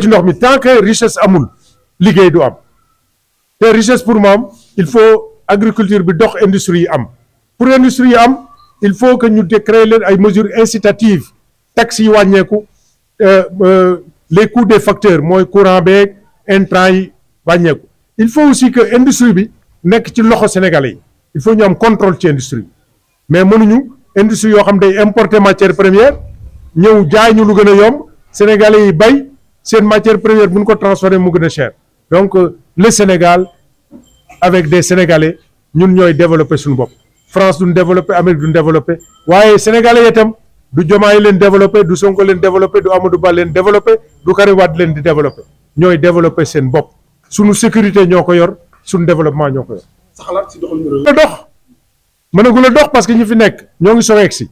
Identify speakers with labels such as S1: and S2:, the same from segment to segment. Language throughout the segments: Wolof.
S1: ci ndox mi tant que richesse amul liggéey du am te richesse pour am il faut agriculture bi dox industrie yi am pour industrie yi am il faut que ñu créer leen ay mesures incitatives taxes yi wàññeeku euh, euh, les coûts des facteurs mooy courant beeg intrant yi wàññeeku il faut aussi que industrie bi nekk ci loxo sénégalais yi il faut ñu am contrôle ci industrie mais mënuñu industrie yoo xam day importer matière première ñëw jaay ñu lu gën a yomb sénégalais yi bay seen matière première bu ñu ko transformé mu gën a cher donc le Sénégal avec de Sénégalais ñun ñooy développé suñu bopp France duñ développé Amérique duñ développé waaye Sénégalais itam du Diomaye leen développé du Sonko leen développé du Amadou Ba leen développé du Karim Wade leen di développé ñooy développé seen bopp suñu sécurité ñoo ko yor suñu développement ñoo ko yor. sa xalaat dox mënagul a dox parce que ñu fi nekk ñoo ngi soog a egg si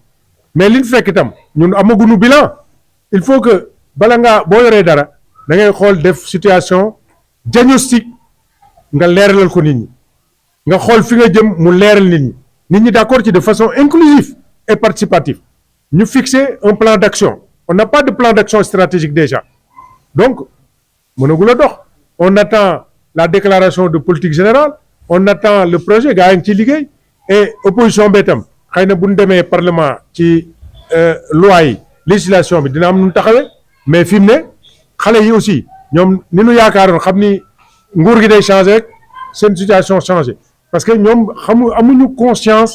S1: mais liñ fekk itam ñun amaguñu bilan il faut que. bala ngaa boo yoree dara da ngay xool def situation diagnostic nga leeralal ko nit ñi nga xool fi nga jëm mu leeral nit ñi nit ñi d'accord ci de façon inclusive et participative ñu fixer un plan d'action on n'a pas de plan d'action stratégique déjà donc mënagul a dox on attend la déclaration de politique générale on attend le projet gaa yi ngi ciy liggéey et opposition bi itam xëy na bu ñu demee parlement ci euh, loi yi législation bi dina am nu taxawe mais fi mu ne xale yi aussi ñoom ni yaakaar yaakaaroon xam ni nguur gi day changé seen situation changé parce que ñoom xamu amuñu conscience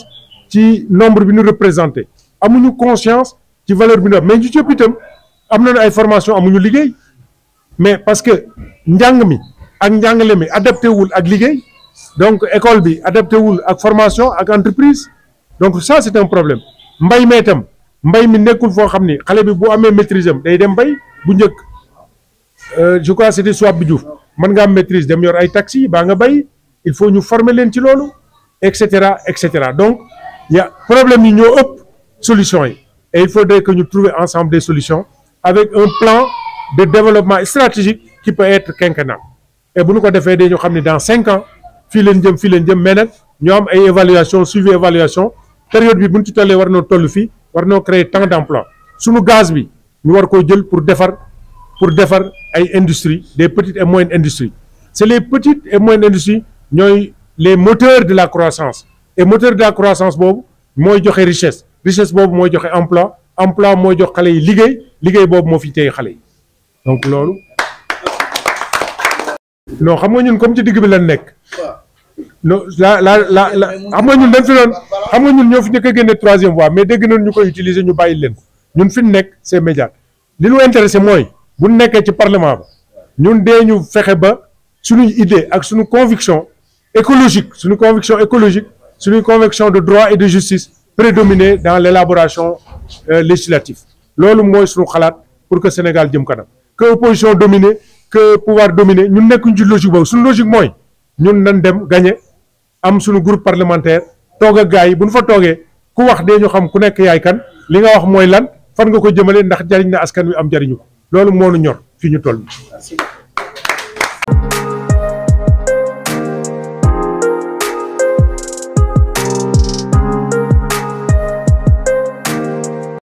S1: ci nombre bi ñu représenté amuñu conscience ci valeur bi ñu mais ñu cëpp itam am nañu ay formation ñu liggéey mais parce que njàng mi ak njàngale mi adapté wul ak liggéey donc école bi adapté wul ak formation ak entreprise donc ça c'est un problème mbay mee itam mbay mi nekkul foo xam ni xale bi bu amee maîtrise am day dem mbay bu njëkk euh, je crois c'était soit bi Diouf mën nga am maîtrise dem yor ay taxi baa nga bay il faut ñu former leen ci loolu et cetera et cetera donc ya problème yi ñoo ëpp solution yi et il faudrait que ñu trouver ensemble des solution avec un plan de développement stratégique qui peut être quinquennal et bu nu ko defee dañu xam ne dans cinq ans fii leen jëm fii leen jëm mais nag ñoo am ay évaluation suivi évaluation période bi buñ ci tollee war na toll fii war noo créer tant d'emplois suñu gaz bi ñu war koo jël pour defar pour defar ay industries des petites et moyennes industries c'est les petites et moyennes industries ñooy les moteurs de la croissance et moteurs de la croissance boobu mooy joxe richesse richesse boobu mooy joxe emploi emploi mooy jox xale yi liggéey liggéey boobu moo fi téye xale yi donc loolu non xam nga ñun comme ci digg bi la nekk non la la la la xam nga ñun dañ fi doon xam nga ñun ñoo fi njëkk a génne troisième voie mais dégg nañ ñu koy utiliser ñu bàyyi leen ko ñun fi nekk c'est média li ñu intéressé mooy bu nekkee ci parlement ba ñun dee ñu fexe ba suñuy idée ak suñu conviction écologique suñu conviction écologique suñu conviction de droit et de justice prédominer dans l'élaboration euh, législative loolu mooy suñu xalaat pour que Sénégal jëm kanam que opposition dominer que pouvoir dominer ñun nekkuñ ci logique boobu suñu logique mooy ñun nañ dem gagner am suñu groupe parlementaire toog ak gars yi bu ñu fa toogee ku wax dee ñu xam ku nekk yaay kan li nga wax mooy lan fan nga ko jëmalee ndax jariñ na askan wi am jariñu loolu moo nu ñor fii ñu toll.